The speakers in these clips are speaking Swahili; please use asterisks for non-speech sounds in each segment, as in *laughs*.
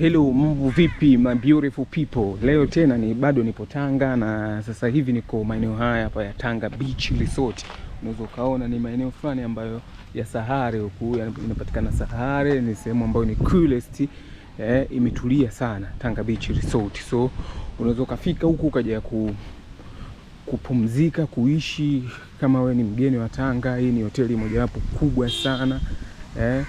Hello mambo vipi, my beautiful people. Leo tena ni bado nipo Tanga na sasa hivi niko maeneo haya hapa ya Tanga Beach Resort. Unaweza ukaona ni maeneo fulani ambayo ya Sahare huku inapatikana Sahare, ni sehemu ambayo ni coolest eh, imetulia sana Tanga Beach Resort. So unaweza ukafika huku ukaja ku kupumzika, kuishi kama we ni mgeni wa Tanga. Hii ni hoteli mojawapo kubwa sana eh,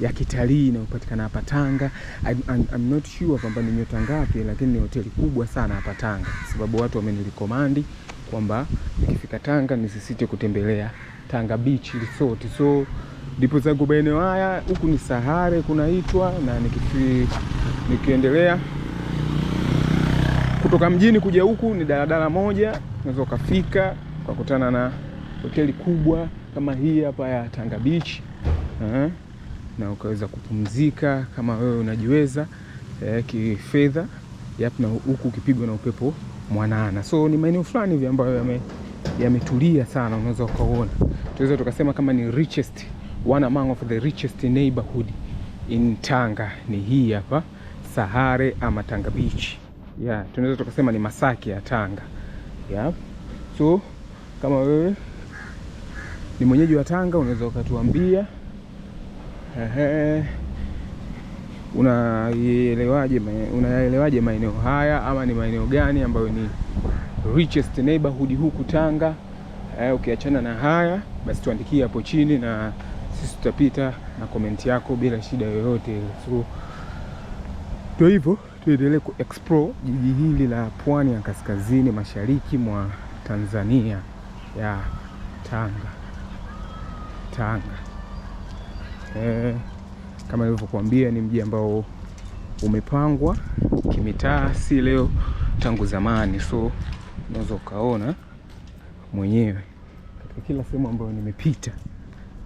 ya kitalii inayopatikana hapa Tanga. I'm, I'm, not sure kwamba ni nyota ngapi, lakini ni hoteli kubwa sana hapa Tanga, sababu watu wamenilikomandi kwamba nikifika Tanga nisisite kutembelea Tanga Beach Resort. So ndipo zangu maeneo haya, huku ni Sahare kunaitwa, na nikifi, nikiendelea kutoka mjini kuja huku ni daladala moja, unaweza ukafika ukakutana na hoteli kubwa kama hii hapa ya Tanga Beach na ukaweza kupumzika kama wewe unajiweza eh, kifedha na huku ukipigwa na upepo mwanana. So ni maeneo fulani hivi ambayo yametulia yame sana, unaweza ukaona, tunaweza tukasema kama ni richest one among of the richest neighborhood in Tanga ni hii hapa Sahare ama Tanga Beach. Yeah, tunaweza tukasema ni Masaki ya Tanga. Yeah. So kama wewe ni mwenyeji wa Tanga unaweza ukatuambia ehe, unaielewaje unayaelewaje maeneo haya, ama ni maeneo gani ambayo ni richest neighborhood huku Tanga? Eh, ukiachana okay, na haya basi tuandikie hapo chini, na sisi tutapita na komenti yako bila shida yoyote. So ndio hivyo, tuendelee ku explore jiji hili la pwani ya kaskazini mashariki mwa Tanzania ya Tanga Tanga eh, kama nilivyokuambia ni mji ambao umepangwa kimitaa, si leo, tangu zamani. So unaweza ukaona mwenyewe katika kila sehemu ambayo nimepita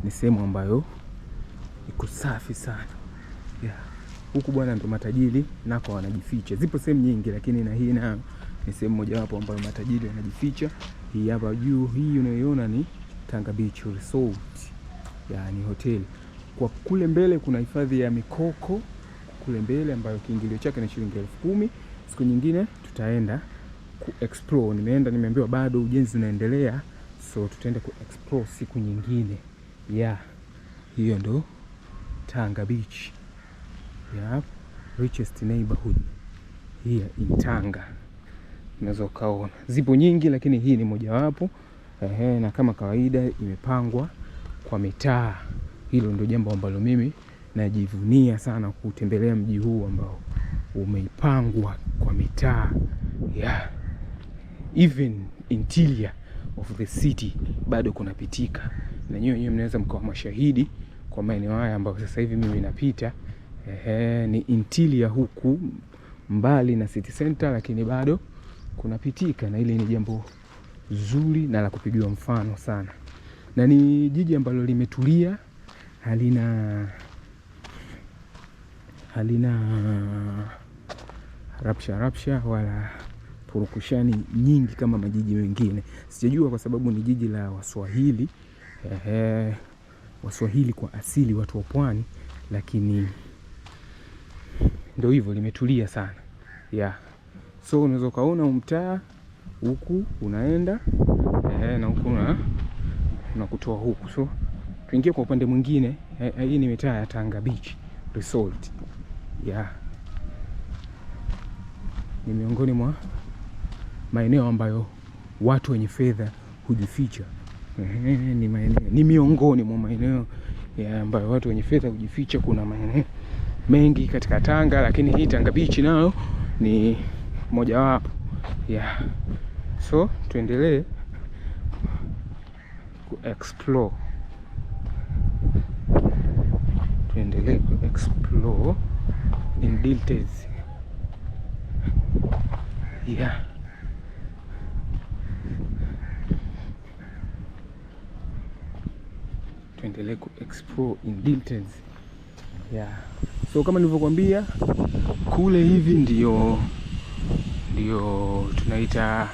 ni sehemu ambayo iko safi sana yeah. Huku bwana ndo matajiri nako wanajificha. Zipo sehemu nyingi, lakini na hii nayo ni sehemu mojawapo ambayo matajiri wanajificha. Hii hapa juu hii unayoiona ni Tanga Beach Resort, yani hoteli kwa kule mbele kuna hifadhi ya Mikoko kule mbele, ambayo kiingilio chake ni shilingi elfu kumi. Siku nyingine tutaenda ku explore. Nimeenda nimeambiwa bado ujenzi unaendelea, so tutaenda ku explore siku nyingine yeah. Hiyo ndo Tanga Beach yeah. Richest neighborhood here in Tanga. Unaweza ukaona zipo nyingi, lakini hii ni mojawapo. Ehe, na kama kawaida imepangwa kwa mitaa. Hilo ndio jambo ambalo mimi najivunia sana kutembelea mji huu ambao umeipangwa kwa mitaa yeah. Even interior of the city bado kunapitika, na nyinyi wenyewe mnaweza mkawa mashahidi kwa maeneo haya ambayo sasa hivi mimi napita. Ehe, ni interior huku mbali na city center, lakini bado kunapitika, na ile ni jambo zuri na la kupigiwa mfano sana, na ni jiji ambalo limetulia halina halina rapsha rapsha wala purukushani nyingi kama majiji mengine. Sijajua kwa sababu ni jiji la Waswahili. Ehe, Waswahili kwa asili, watu wa pwani, lakini ndio hivyo limetulia sana yeah. So unaweza ukaona umtaa huku unaenda ehe, na huku na kutoa huku so Tuingie kwa upande mwingine. Eh, eh, hii ni mitaa ya Tanga Beach Resort. Yeah. Ni miongoni mwa maeneo ambayo watu wenye fedha hujificha. Ni maeneo, ni miongoni mwa maeneo ambayo watu wenye fedha hujificha. Kuna maeneo mengi katika Tanga, lakini hii Tanga Beach nayo ni mojawapo. Yeah. So tuendelee ku explore. tuendelee ku explore in details. Yeah. Tuendelee ku explore in details. Yeah. So kama nilivyokuambia kule hivi ndio ndio tunaita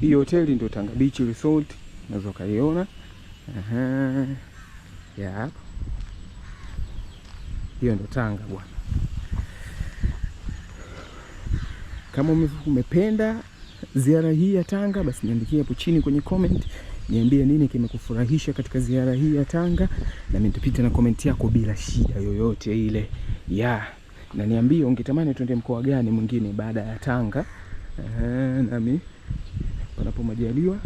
hii hoteli ndio Tanga Beach Resort unaweza ukaiona ya hapo. Hiyo ndo Tanga bwana. Kama umependa ziara hii ya Tanga, basi niandikie hapo chini kwenye comment, niambie nini kimekufurahisha katika ziara hii ya Tanga, na nitapita na comment yako bila shida yoyote ile ya na niambie ungetamani tuende mkoa gani mwingine baada ya Tanga. Nami panapo majaliwa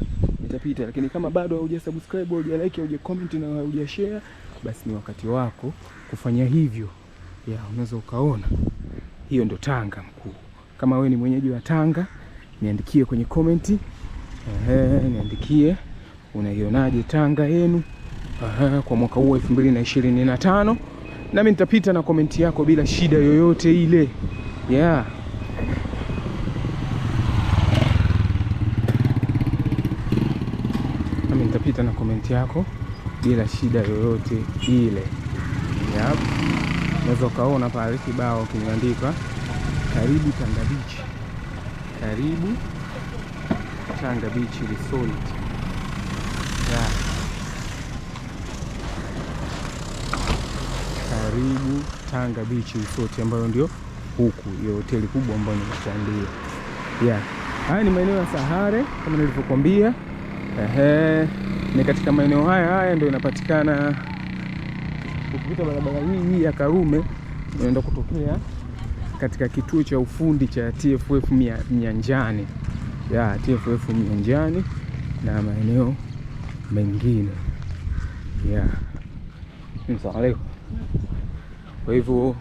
utapita, lakini kama bado hauja hauja subscribe, like, hauja comment na hauja share, basi ni wakati wako kufanya hivyo. Ya, unaweza ukaona hiyo ndo Tanga mkuu. Kama we ni mwenyeji wa Tanga, niandikie kwenye comment. Ehe, niandikie unaionaje Tanga yenu ehe, kwa mwaka huu 2025 nami nitapita na komenti yako bila shida yoyote ile, yeah. akaunti yako bila shida yoyote ile. Yep. Unaweza ukaona pale kibao kimeandikwa karibu Tanga Beach, karibu Tanga Beach Resort. Yeah. Karibu Tanga Beach Resort ambayo ndio huku hiyo hoteli kubwa ambayo nimekuambia. Yeah. Haya ni maeneo ya Sahare kama nilivyokuambia. Ehe. Ni katika maeneo haya haya ndio inapatikana, ukipita barabara hii hii ya Karume unaenda kutokea katika kituo cha ufundi cha TFF Mianjani ya TFF Mianjani na maeneo mengine ya msaleko. Kwa hivyo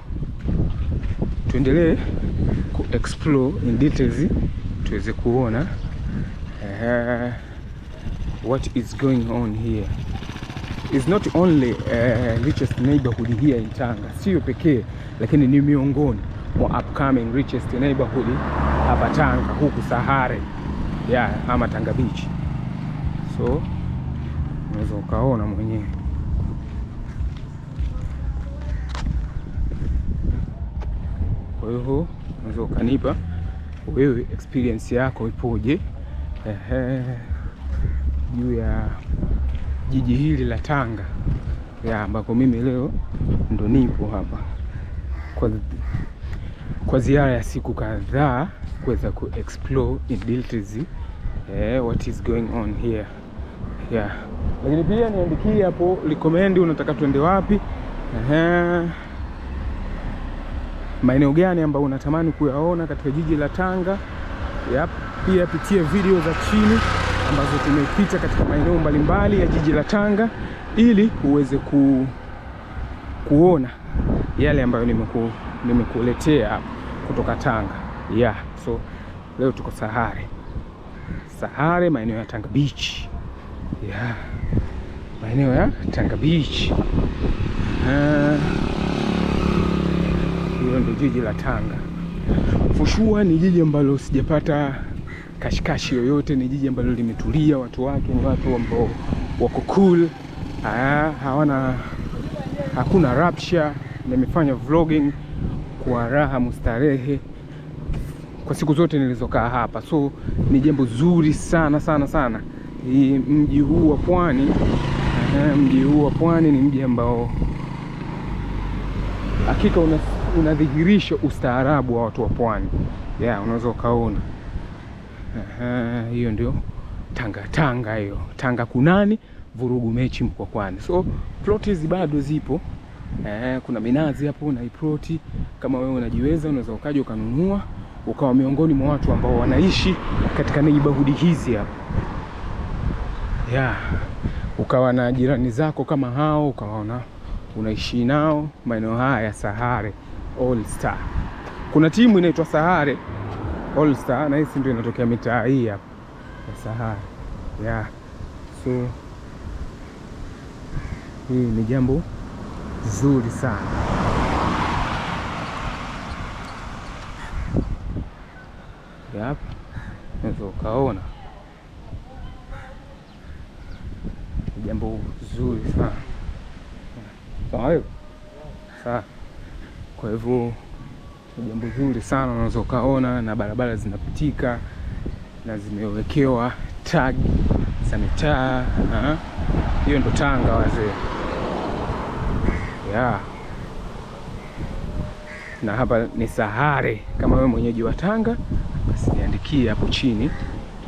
tuendelee ku explore in details tuweze kuona uh, what is going on here is not only uh, richest neighborhood here in Tanga, sio pekee, lakini ni miongoni mwa upcoming richest neighborhood hapa Tanga huku Sahare yeah, ama Tanga Beach. So unaweza ukaona mwenyewe kwa hiyo unaweza ukanipa wewe experience yako ipoje? Ehe juu ya jiji hili la Tanga ya ambako mimi leo ndo nipo hapa kwa, kwa ziara ya siku kadhaa kuweza ku explore in details eh, what is going on here yeah. Lakini pia niandikie hapo recommend, unataka tuende wapi, maeneo gani ambayo unatamani kuyaona katika jiji la Tanga. Yep, pia pitie video za chini ambazo tumepita katika maeneo mbalimbali ya jiji la Tanga ili uweze ku, kuona yale ambayo nimeku, nimekuletea kutoka Tanga yeah. So leo tuko Sahare, Sahare maeneo ya Tanga Beach yeah. maeneo ya Tanga Beach hiyo ndio jiji la Tanga. Fushua ni jiji ambalo sijapata kashikashi yoyote. Ni jiji ambalo limetulia, watu wake ni watu ambao wako cool, ah, hawana hakuna rapsha. Nimefanya vlogging kwa raha mustarehe kwa siku zote nilizokaa hapa, so ni jambo zuri sana sana sana. Hii mji huu wa pwani, eh, mji huu wa pwani ni mji ambao hakika unadhihirisha ustaarabu wa watu wa pwani. Yeah, unaweza ukaona hiyo ndio Tanga Tanga hiyo Tanga kunani vurugu mechi Mkwakwani. So ploti hizi bado zipo eh, kuna minazi hapo iproti kama wewe unajiweza unaweza ukaja ukanunua ukawa miongoni mwa watu ambao wanaishi katika neighborhood hizi hapo yeah. Ukawa na jirani zako kama hao ukawaona unaishi nao maeneo haya ya Sahare All Star. Kuna timu inaitwa Sahare All Star na hisi ndio inatokea mitaa hii hapa ya Sahara yeah. So hii ni jambo zuri sana. Yep. Naweza ukaona jambo zuri sana. Sawa. Kwa hivyo ni jambo zuri sana, unaweza ukaona na barabara zinapitika na zimewekewa tag za mitaa. Hiyo ndo Tanga wazee, yeah. Na hapa ni Sahare. Kama wewe mwenyeji wa Tanga, basi niandikie hapo chini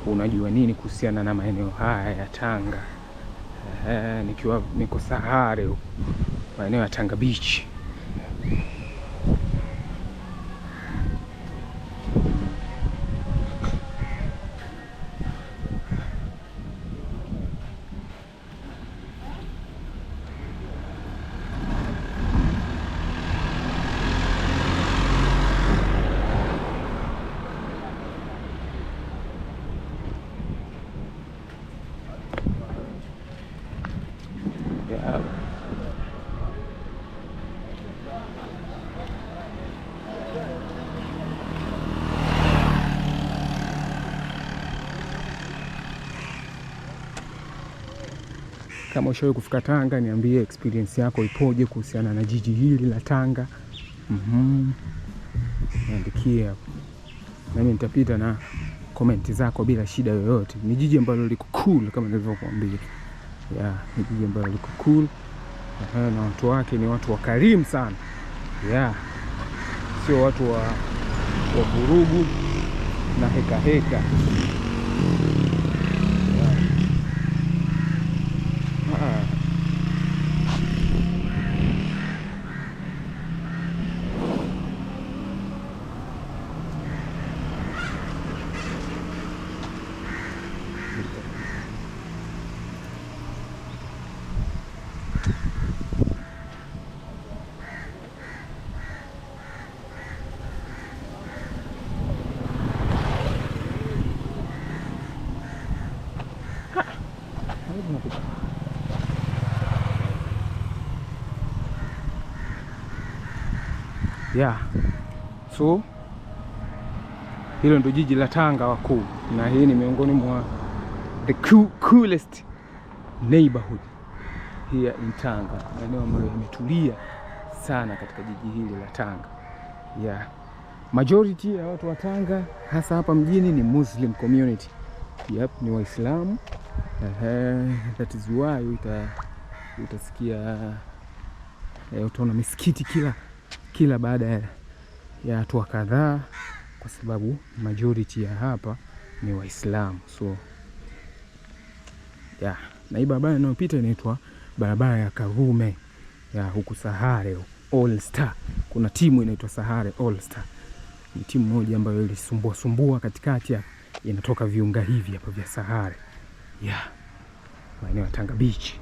unajua nini kuhusiana na maeneo haya ya Tanga. Ehe, nikiwa niko Sahare, maeneo ya Tanga Beach. Kama ushawahi kufika Tanga, niambie experience yako ipoje kuhusiana na jiji hili la Tanga. Mm -hmm. Niandikie hapo nami nitapita na komenti zako bila shida yoyote. Ni jiji ambalo liko cool kama nilivyokuambia. Yeah, ni jiji ambalo liko cool na watu wake ni watu wakarimu sana yeah, sio watu wa vurugu na hekaheka heka. yeah. So hilo ndio jiji la Tanga wakuu, na hii ni miongoni mwa the coolest neighborhood here in Tanga, maeneo ambayo yametulia sana katika jiji hili la Tanga yeah. Majority ya watu wa Tanga hasa hapa mjini ni Muslim community. Yep, ni Waislamu. Uh, that is why uta, utasikia uh, utaona misikiti kila kila baada ya hatua kadhaa, kwa sababu majority ya hapa ni Waislamu. So yeah. Na hii barabara inayopita inaitwa barabara ya Karume ya huku Sahare All Star. Kuna timu inaitwa Sahare All Star, ni timu moja ambayo ilisumbua sumbua katikati ya inatoka viunga hivi hapa vya Sahare, yeah, maeneo ya Tanga Beach.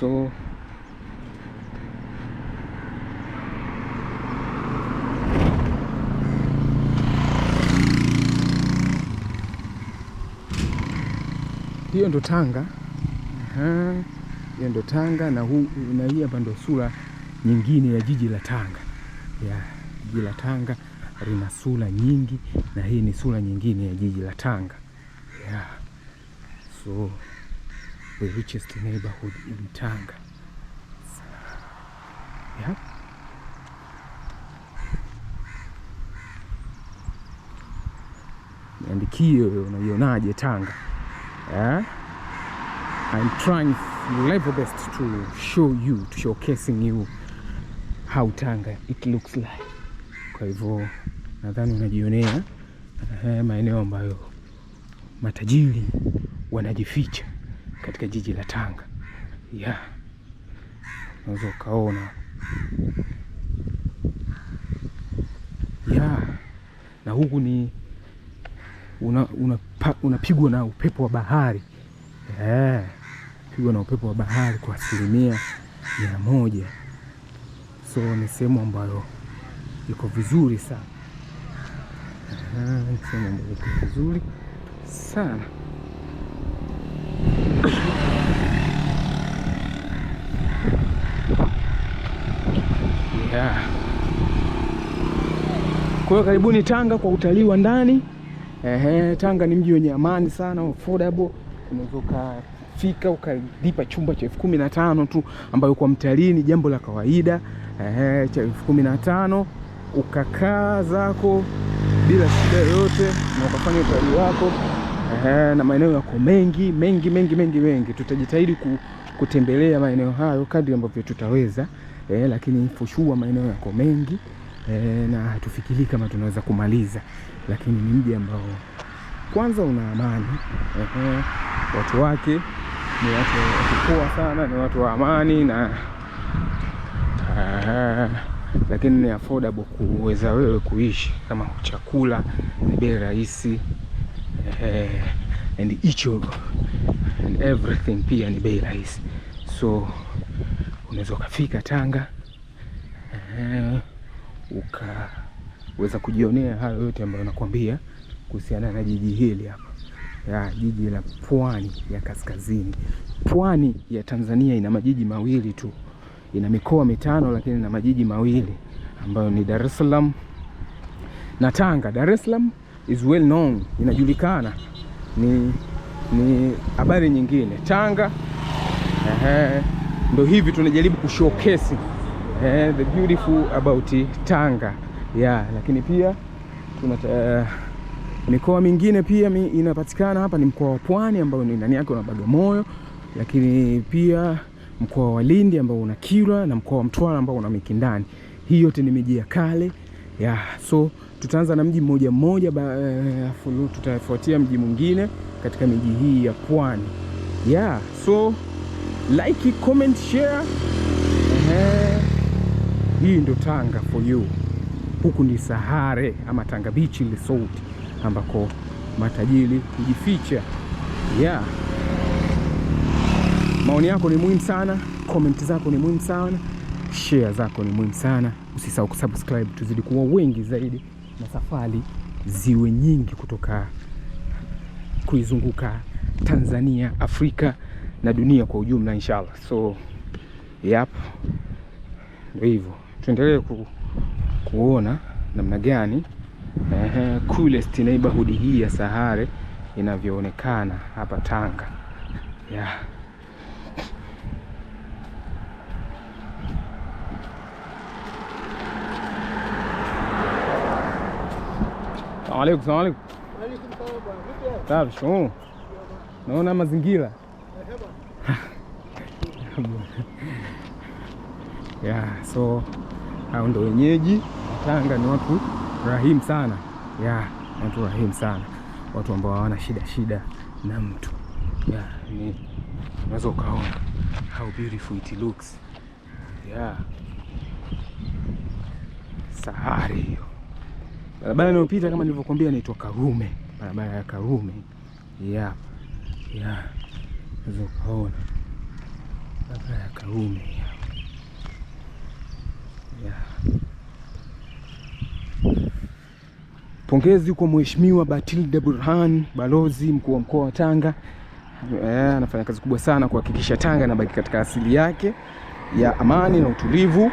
so hiyo ndo Tanga. Aha, hiyo ndo Tanga na, huu, na hii hapa ndo sura nyingine ya jiji la Tanga ya jiji la Tanga lina sura nyingi, na hii ni sura nyingine ya jiji la Tanga ya so the richest neighborhood in Tanga. Yeah? Niandikie wewe uh, unaionaje Tanga? Yeah? I'm trying level best to show you, to showcasing you how Tanga it looks like. Kwa hivyo nadhani unajionea haya eh, maeneo ambayo matajiri wanajificha katika jiji la Tanga yeah. Unaweza ukaona yeah. Na huku ni unapigwa una, una na upepo wa bahari yeah. Pigwa na upepo wa bahari kwa asilimia mia moja. So ni sehemu ambayo iko vizuri sana, ni sehemu ambayo iko vizuri sana yeah. Kwa hiyo karibuni Tanga kwa utalii wa ndani. Ehe, Tanga ni mji wenye amani sana, affordable. Unaweza ukafika ukalipa chumba cha elfu kumi na tano tu, ambayo kwa mtalii ni jambo la kawaida. Ehe, cha elfu kumi na tano ukakaa zako bila shida yoyote na ukafanya utalii wako eh, na maeneo yako mengi mengi mengi mengi mengi. Tutajitahidi kutembelea maeneo hayo kadri ambavyo tutaweza eh, lakini fushua maeneo yako mengi eh, na hatufikiri kama tunaweza kumaliza, lakini ni mji ambao kwanza una amani eh, watu wake ni watu wakupoa sana, ni watu wa amani na eh, lakini ni affordable kuweza wewe kuishi, kama chakula ni bei rahisi uh, and icho and everything pia ni bei rahisi, so unaweza ukafika Tanga uh, ukaweza kujionea hayo yote ambayo nakwambia kuhusiana na jiji hili hapa ya jiji la pwani ya kaskazini. Pwani ya Tanzania ina majiji mawili tu, ina mikoa mitano, lakini ina majiji mawili ambayo ni Dar es Salaam na Tanga. Dar es Salaam is well known, inajulikana, ni ni habari nyingine. Tanga ehe, ndo hivi tunajaribu kushowcase ehe, the beautiful about Tanga yeah, lakini pia tuna uh, mikoa mingine pia mi, inapatikana hapa ni mkoa wa Pwani ambao ni ndani yake una Bagamoyo, lakini pia mkoa wa Lindi ambao una Kilwa na mkoa wa Mtwara ambao una Mikindani. Hii yote ni miji ya kale yeah, so Tutaanza na mji mmoja mmoja, alafu eh, e, tutafuatia mji mwingine katika miji hii ya pwani yeah. So like, comment, share. Ehe, hii ndo Tanga for you. Huku ni Sahare ama Tanga Beach Resort ambako matajiri kujificha yeah. Maoni yako ni muhimu sana, comment zako ni muhimu sana, share zako ni muhimu sana. Usisahau kusubscribe tuzidi kuwa wengi zaidi na safari ziwe nyingi kutoka kuizunguka Tanzania, Afrika na dunia kwa ujumla inshallah. So yep, ndio hivyo, tuendelee ku, kuona namna gani eh, coolest neighborhood hii ya Sahare inavyoonekana hapa Tanga yeah. Salamu alaykum. Salamu alaykum. Sawa, shukuru. Naona mazingira *laughs* yeah, so hao ndo wenyeji Tanga, ni watu rahimu sana yeah, watu rahimu sana, watu ambao hawana shida shida na mtu yeah, ni unaweza ukaona how beautiful it looks yeah, sahari hiyo Barabara inayopita kama nilivyokuambia inaitwa Karume, barabara ya Karume hapa, unaweza ukaona barabara ya Karume hapa. Pongezi kwa Mheshimiwa Batilda Burhan, balozi mkuu wa mkoa wa Tanga. Anafanya kazi kubwa sana kuhakikisha Tanga inabaki katika asili yake ya amani na utulivu.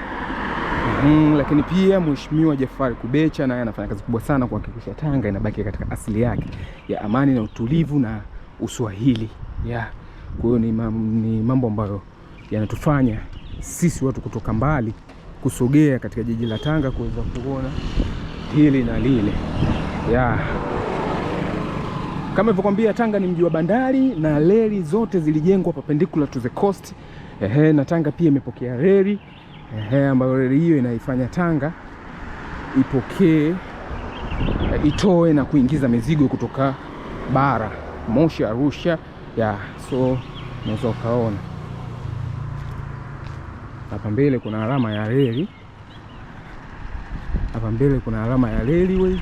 Mm, lakini pia Mheshimiwa Jafari Kubecha naye anafanya kazi kubwa sana kuhakikisha Tanga inabaki katika asili yake ya amani na utulivu na uswahili yeah. Kwa hiyo ni, mam, ni mambo ambayo yanatufanya sisi watu kutoka mbali kusogea katika jiji la Tanga kuweza kuona hili na lile yeah. Kama nilivyokuambia Tanga ni mji wa bandari na reli zote zilijengwa perpendicular to the coast. Ehe, na Tanga pia imepokea reli ehe, ambayo reli hiyo inaifanya Tanga ipokee eh, itoe na kuingiza mizigo kutoka bara Moshi, Arusha ya so, unaweza ukaona hapa mbele kuna alama ya reli, hapa mbele kuna alama ya railway.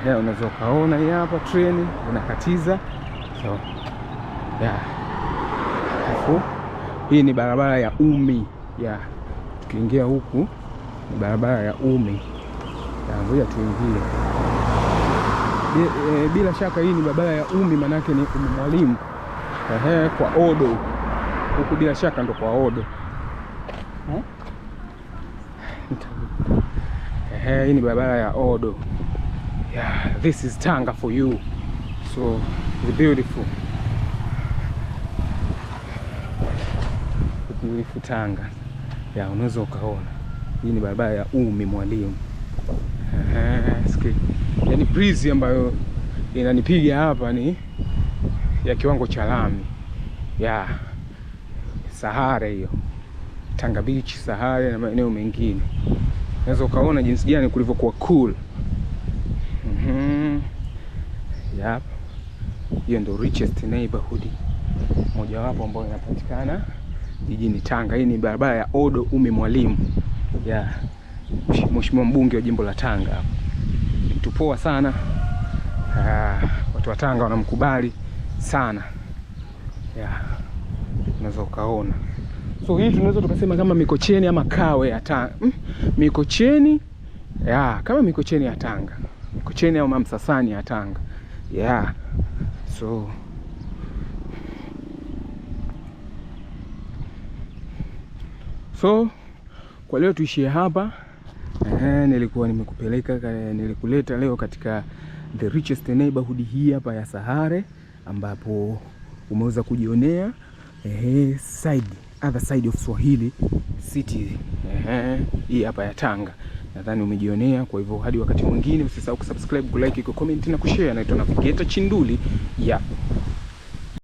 Ehe, unaweza ukaona hii hapa treni inakatiza so, yeah. Hii ni barabara ya Umi ya yeah tukiingia huku ni barabara ya Ume. Ngoja tuingie. E, e, bila shaka hii ni barabara ya Ume, manake ni Ume Mwalimu. Ehe, kwa Odo huku bila shaka ndo kwa Odo. Ehe, hii ni barabara ya Odo. Yeah, this is Tanga for you. So the beautiful Tanga ya unaweza ukaona hii ni barabara ya Umi Mwalimu. yani breeze ambayo inanipiga hapa ni ya kiwango cha lami ya Sahara, hiyo Tanga Beach, Sahara na maeneo mengine. Unaweza ukaona jinsi gani kulivyokuwa cool. Mm -hmm. Yep. Hiyo ndio richest neighborhood mojawapo ambayo inapatikana jijini Tanga. Hii ni barabara ya Odo Ummy Mwalimu ya Mheshimiwa mbunge wa jimbo la Tanga. Mtu poa sana. Uh, watu wa Tanga wanamkubali sana yeah. Unaweza ukaona so hii tunaweza tukasema kama Mikocheni ama Kawe ya Tanga hmm? Mikocheni yeah, kama Mikocheni ya Tanga, Mikocheni au Mamsasani ya Tanga yeah. so So kwa leo tuishie hapa. Ehe, nilikuwa nimekupeleka nilikuleta leo katika the richest neighborhood hii hapa ya Sahare ambapo umeweza kujionea ehe, side other side of Swahili City ehe, hii hapa ya Tanga nadhani umejionea. Kwa hivyo hadi wakati mwingine, usisahau kusubscribe, kulike, kucomment na kushare. Naitwa Navigator Chinduli ya yeah.